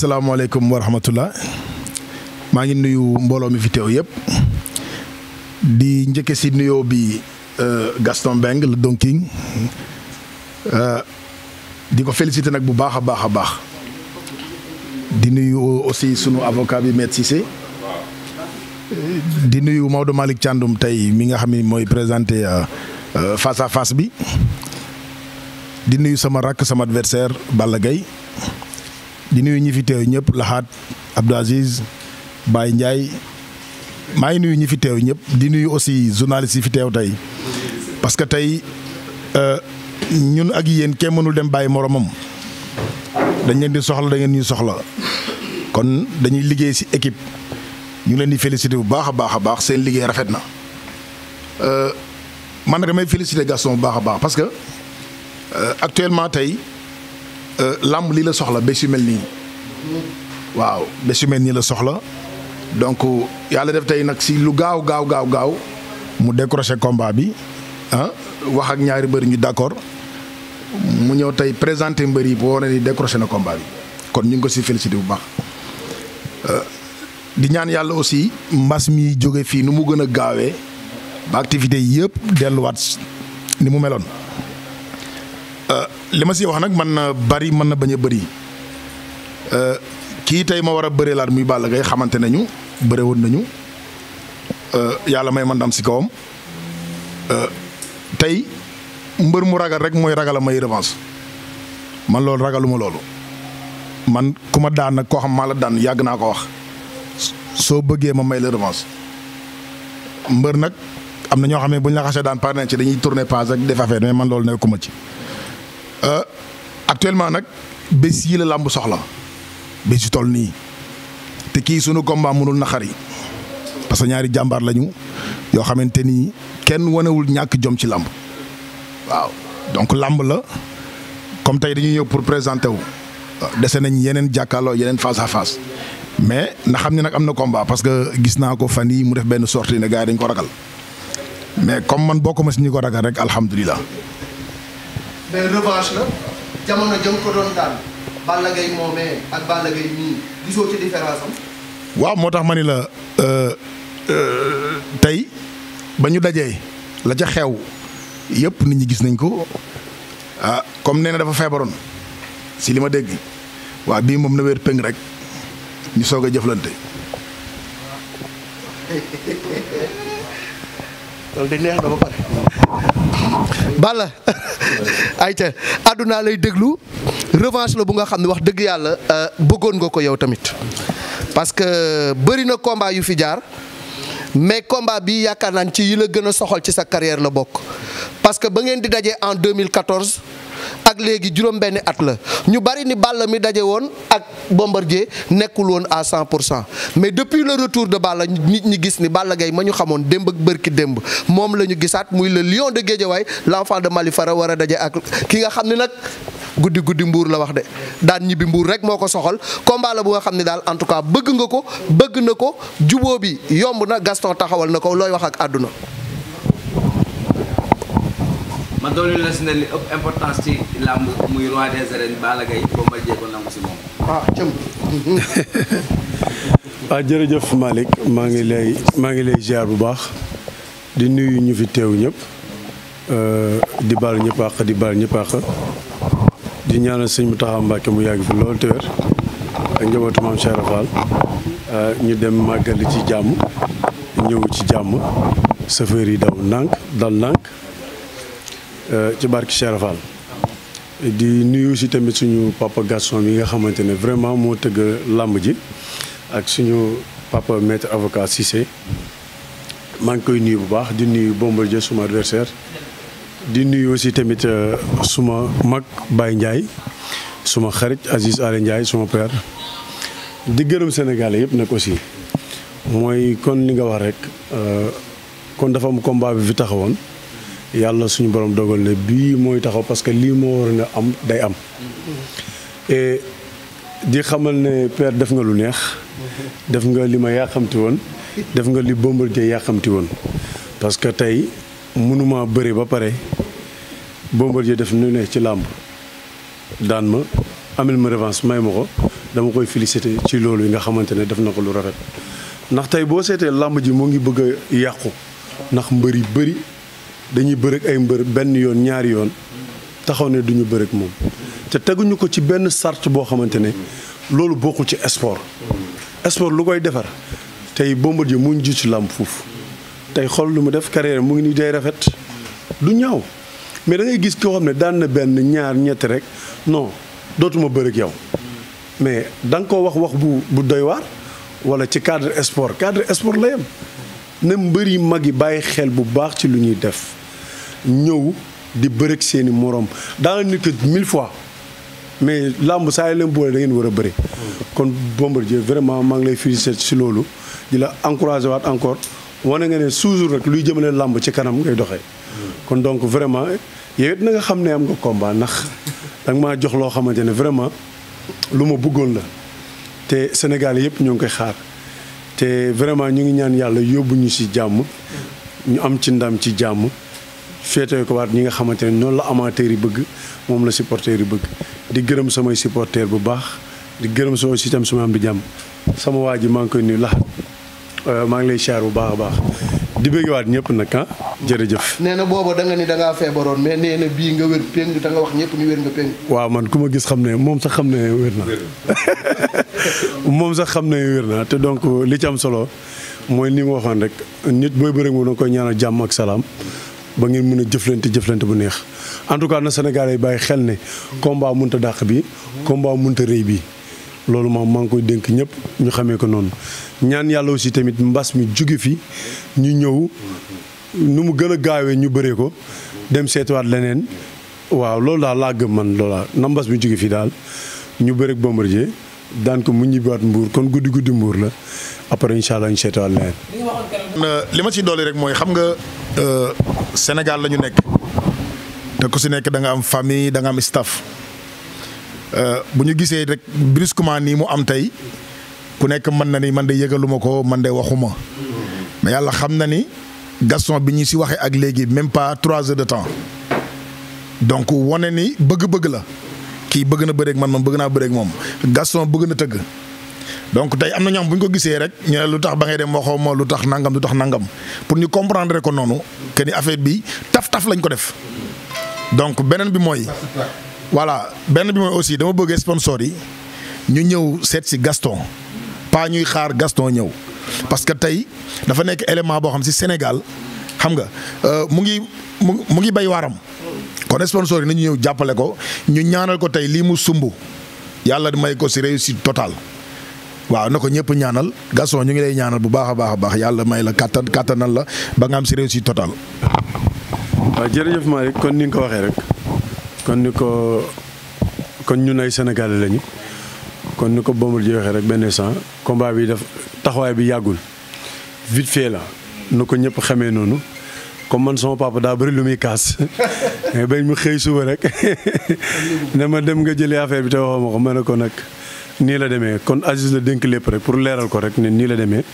asalaamaaleykum wa rahmatullah maa ngi nuyu mbooloo mi fi teew yëpp di njëkke si nuyoo bi euh, Gaston Mbengue le Don euh, di ko félicité nag bu baax a baax a baax di nuyu aussi sunu avocat bi Maître Cissé di nuyu Maodo Malick Thiandoum tey mi nga xam ne mooy présenté euh, face à face bi di nuyu sama rakk sama adversaire Balla Gaye di nuyu ñi fi teew ñëpp Laxaat Abdou Aziz Baye Ndiaye maa ngi nuyu ñi fi teew ñëpp di nuyu aussi journaliste yi fi teew tey parce que tey euh, ñun ak yéen kenn mënul dem bàyyi moromam dañ leen di soxla da ngeen ñuy soxla kon dañuy liggéey ci équipe ñu leen di félicité bu baax a baax a baax seen liggéey rafet na euh, man nag damay félicité Gaston bu baax a baax parce que euh, actuellement tey. Euh, làmb lii la soxla bés mel nii waaw bés yu la soxla donc yàlla def tey nag si lu gaaw gaaw gaaw gaaw mu décroché combat bi ah wax ak ñaari mbër ñu d'accord mu ñëw tey présenté mbër yi boo wane ni décroché na combat bi kon ñu ngi ko si félicité bu baax. Euh, di ñaan yàlla aussi mbas mi jóge fii nu mu gën a gaawee ba activité yëpp delluwaat ni mu meloon. li ma si wax nag man na bari man na bañ a bëri euh, kii tey ma war a bëree laat muy Balla Gaye xamante nañu bëre woon nañu euh, yàlla may man dam si kawam euh, tey mbër mu ragal rek mooy ragal may revanche man loolu ragaluma loolu man ku ma daan nag koo xam maa la daan yàgg naa ko wax soo bëggee ma may la revanche mbër nag am na ñoo xam ne bu ñu la xasee daan pare nañ ci dañuy tourner page ak def affaire mais man loolu nekkuma ci. Euh, actuellement nag bés yi la làmb soxla bés yi toll nii te kii sunu combat mënul naqari parce que ñaari jàmbaar lañu yoo xamante ni kenn wanewul ñàkk jom ci làmb waaw donc làmb la comme tey dañuy ñëw pour présenter wu dese nañ yeneen jàkkaarloo yeneen face à face mais na xam ne nag am na combat parce que gis naa ko fan yi mu def benn sortie ne gars yi dañ ko ragal mais comme man bokk ma si ñu ko ragal rek alhamdulilah. mais revanche la jamono jëm ko doon daan Balla Gaye moomee ak Balla Gaye nii gisoo ci différence am. waaw moo tax ma ni la euh, euh, tey ba ñu dajee la ca xew yëpp nit ñi gis nañ ko ah comme nee dafa feebaroon si li ma dégg waa bii moom na wér péng rek ñu soog a jëflante. loolu de neex na pare. Balla ayca àdduna lay déglu revanche la bu nga xam ne wax dëgg yàlla euh, bëggoon nga ko yow tamit parce que bëri na combat yu fi jaar mais combat bi yaakaar naan ci yi la gën a soxal ci sa carrière la bokk parce que ba ngeen di dajee en 2014 ak léegi juróom-benni at la ñu bari ni Balla mi daje woon ak Bombardier nekkul woon à cent pour cent mais depuis le retour de Balla nit ñi gis ni Balla Gaye ma ñu xamoon démb ak bërki démb moom la ñu gisaat muy le lion de Guédiawaye l'enfant de Malifara war a daje ak ki nga xam ne nag guddi guddi mbuur la wax de daan ñibbi mbuur rek moo ko soxal combat la bu nga xam ne daal en tout cas bëgg nga ko bëgg na ko jubo bi yomb na Gaston taxawal na ko looy wax ak àdduna ma doon ah, ah, jërëjëf Malick maa ngi lay maa ngi lay ziar bu baax di nuyu ñu fi teew ñëpp euh, di baal ñëpp àq di baal ñëpp mu taxaw ñaanal mu yàgg fi loolu te ak njabootu maam Cheikh euh, ñu dem màggali ci jàmm ñëw ci jàmm chauffeur daw ndànk dal ndànk. Euh, ci barki Cheikh di nuyu si tamit suñu papa Gaston yi nga xamante ne vraiment moo tëgg làmb ji ak suñu papa maître avocat Cissé maa ngi koy nuyu bu baax di nuyu Bombardier suma adversaire di nuyu aussi tamit euh, suma mag Baye Ndiaye suma xarit Aziz Ale Ndiaye suma père di gërëm Sénégalais yëpp nag aussi mooy kon li nga wax rek euh, kon dafa am combat bi fi taxawoon. yàlla suñu borom dogal ne bii mooy taxaw parce que lii moo war a am day am di xamal ne per def nga lu neex def nga li ma yàqamti woon def nga li Bombardier yàqamti woon parce que tey mënuma bëri ba pare Bombardier def nu ne ci làmb daan ma amel ma revanche may ma ko dama koy féliciter ci loolu yi nga xamante ne def na ko lu rafet ndax tey boo seetee làmb ji moo ngi bëgg a yàqu ndax mbër bëri dañuy bërëg ay mbër benn yoon ñaari yoon taxaw ne duñu bërëg moom te teguñu ko ci benn sart boo xamante ne loolu bokkul ci sport sport lu koy defar tey Bombardier mu ngi jiitu làmb foofu tey xool lu mu def carrière mu ngi nii day rafet du ñaaw mais da ngay gis koo xam ne daan na benn ñaar ñetti rek non dootuma bërëg yow mais da nga ko wax wax bu bu doy waar wala ci cadre sport cadre sport la yem na mbër yi mag yi bàyyi xel bu baax ci lu ñuy def ñëw di bërëg seeni moroom daanaka nit que mille fois mais làmb saa yi leen boole da ngeen war a bëri. kon Bombardier vraiment maa ngi lay fii féliciter si loolu di la encourager waat encore wane nga ne toujours rek luy jëmale làmb ci kanam ngay doxee. kon donc vraiment yow it na nga xam ne am nga combat ndax danga maa jox loo xamante ne vraiment lu ma bëggoon la te Sénégal yëpp ñoo ngi koy xaar te vraiment ñu ngi ñaan yàlla yóbbu ñu si jàmm ñu am ci ndam ci jàmm. féetee ko waat ñi nga xamanteni non la amateur yi bëgg mom la supporter yi bëgg di gërëm sama supporter bu baax di gërëm sama système sama am bi jam sama waji ma ngi koy nuyu euh ma ngi lay xaar bu baax baax di bëgg bëggewaat ñëpp nak ah jërëjëf. nee na booba da nga ni da nga feebaroon mais nee bi nga wër peng da nga wax ñëpp ni wër nga peng waaw man kuma gis xam mom sax xam wër na mom sax xam wër na té donc li ci am solo moy ni ma waxon rek nit boy bëri mu da ñaanal jam ak salam ba ngeen mëna a jëflante jëflante bu neex en tout cas na Sénégalais yi bàyyi xel ne combat muunta dakk bi combat muunta rëy bi loolu moom mang gawe koy dénk ñëpp ñu xamé ko non ñaan yalla aussi tamit mbass mi jóge fi ñu ñëw nu mu gëna gaawé ñu bëré ko dem seetuwaat lenen, waaw loolu la laa man loolu na mbass mi jóge fi dal ñu Bombardier dan ko baat mbour kon guddi guddi mbour la après inshallah allah ñu ci dolli rek moy xam nga. Euh, Sénégal la ñu nekk te ku si nekk da nga am famille da nga am staff euh, bu ñu gisee rek brusquement nii mu am tey ku nekk mën na ni man de yëgaluma ko man de waxuma mais yàlla xam na ni Gaston bi ñu si waxee ak léegi même pas trois heures de temps donc wane ni bëgg-bëgg la kii bëgg na bëreeg man man bëgg naa bëreeg moom Gaston bëgg na tëgg. donc tey am na ñoom bu ñu ko gisee rek ñu ne lu tax ba ngay dem waxoo moo lu tax nangam lu tax nangam pour ñu comprendre ko noonu que ni affaire bi taf-taf lañ ko def donc beneen bi mooy. voilà benn bi mooy aussi dama bëgg sponsor yi ñu ñëw seet si Gaston paa ñuy xaar Gaston ñëw parce que tey dafa nekk élément boo xam si Sénégal xam nga euh, mu ngi mu ngi bay waaram kon sponsor yi nañu ñëw jàppale ko ñu ñaanal ko tey lii mu sumb yàlla di may ko si réussite totale. waaw nako ñepp ñaanal Gaston ñu ngi lay ñaanal bu baaxa baaxa baax yalla may la katan katanal la ba nga am si réussite total wa jeureuf malik kon ni nga ko rek kon ni ko kon ñu nay Sénégalais lañu kon ni ko Bombardier waxee rek ben instant combat bi def taxaway bi yagul vite fait la nako ñepp xamé nonu comme man sama papa da bari lu mukheisu kaas mu xey suba rek ne ma dem nga jël affaire bi te waxoo ko nii la demee kon Aziz la dénk lépp rek pour leeral ko rek ne nii la demee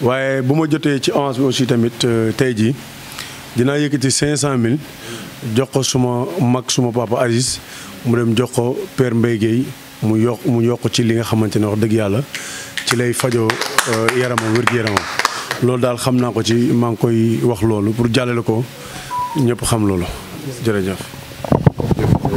waaye bu ma jotee ci avance aussi tamit euh, tey jii dinaa yëkkati cinq cent mille jox ko suma mag suma papa Aziz mu dem jox ko per Mbaye Guèye mu yokk mu yokk ci li nga xamante ne wax dëgg yàlla ci lay fajo euh, yaramam wér-gu-yaramam loolu daal xam naa ko ci maa ngi koy wax loolu pour jàllale ko ñëpp xam loolu jërëjëf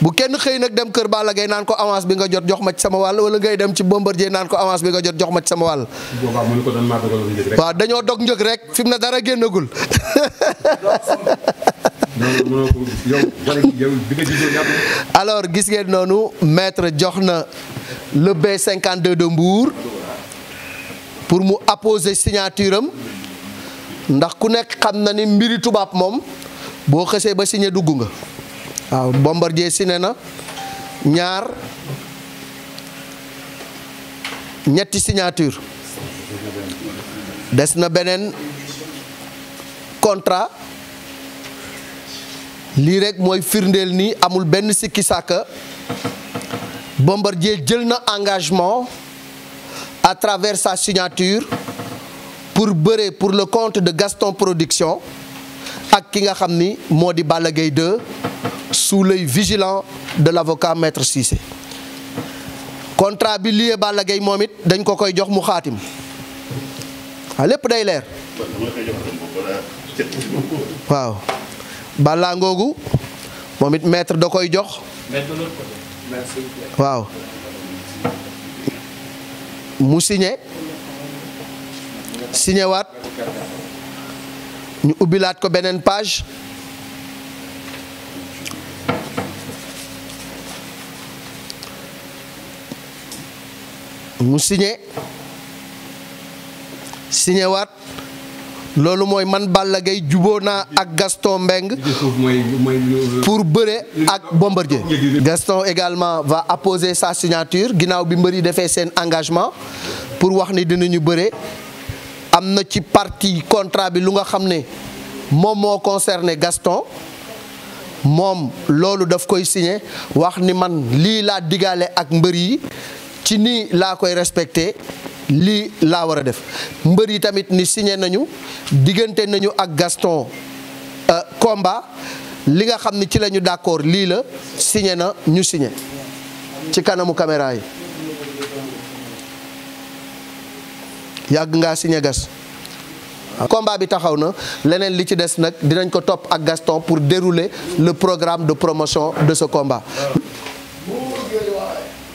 bu kenn xey nak dem kër bala Gaye nan ko avance bi nga jot jox ma ci sama wal wala ngay dem ci Bombardier nan ko avance bi nga jot jox ma ci sama wal boobaa mu dog njëg rek fimna dara gennagul alors gis ngeen nonu maître joxna le B52 de Mbour pour mu apposer signature am ndax ku nek xamna ni mbiri tubab mom bo xësee ba signé dugg nga. Bombardier si na ñaar ñetti signature des na benen contrat li rek moy firndel ni amul benn sikki Bombardier jël na engagement à travers sa signature pour pour le compte de Gaston Production ak ki nga xamni sous l'œil vigilant de l'avocat maître Sissé. contrat bi lié d'un ko koy jox mu ah, maître da koy jox waaw mu signé signé wat. ñu ko benen page mu signé signé wat loolu moy man Balla gay djubona ak Gaston Beng, pour bëre ak Bombardier Gaston également va apposer sa signature ginaaw bi mbeuri defé sen engagement pour wax ni dinañu bëre amna ci parti contrat bi lu nga xamné concerné Gaston mom Lolo daf koy signé wax ni man li la digalé ak mbeuri ci nii laa koy respecté lii laa war a def mbër yi tamit ni signe nañu diggante nañu ak Gaston combat euh, li nga xam ni ci lañu ñu d'accord lii la signe na ñu signé ci kanamu caméra yi yàgg ngaa signe gas combat bi taxaw na leneen li ci des nag dinañ ko topp ak Gaston pour dérouler le programme de promotion de ce combat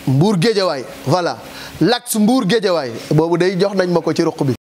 mbuur géejawaay voilà lax mbuur géejawaay boobu dey jox nañ ma ko ci ruq bi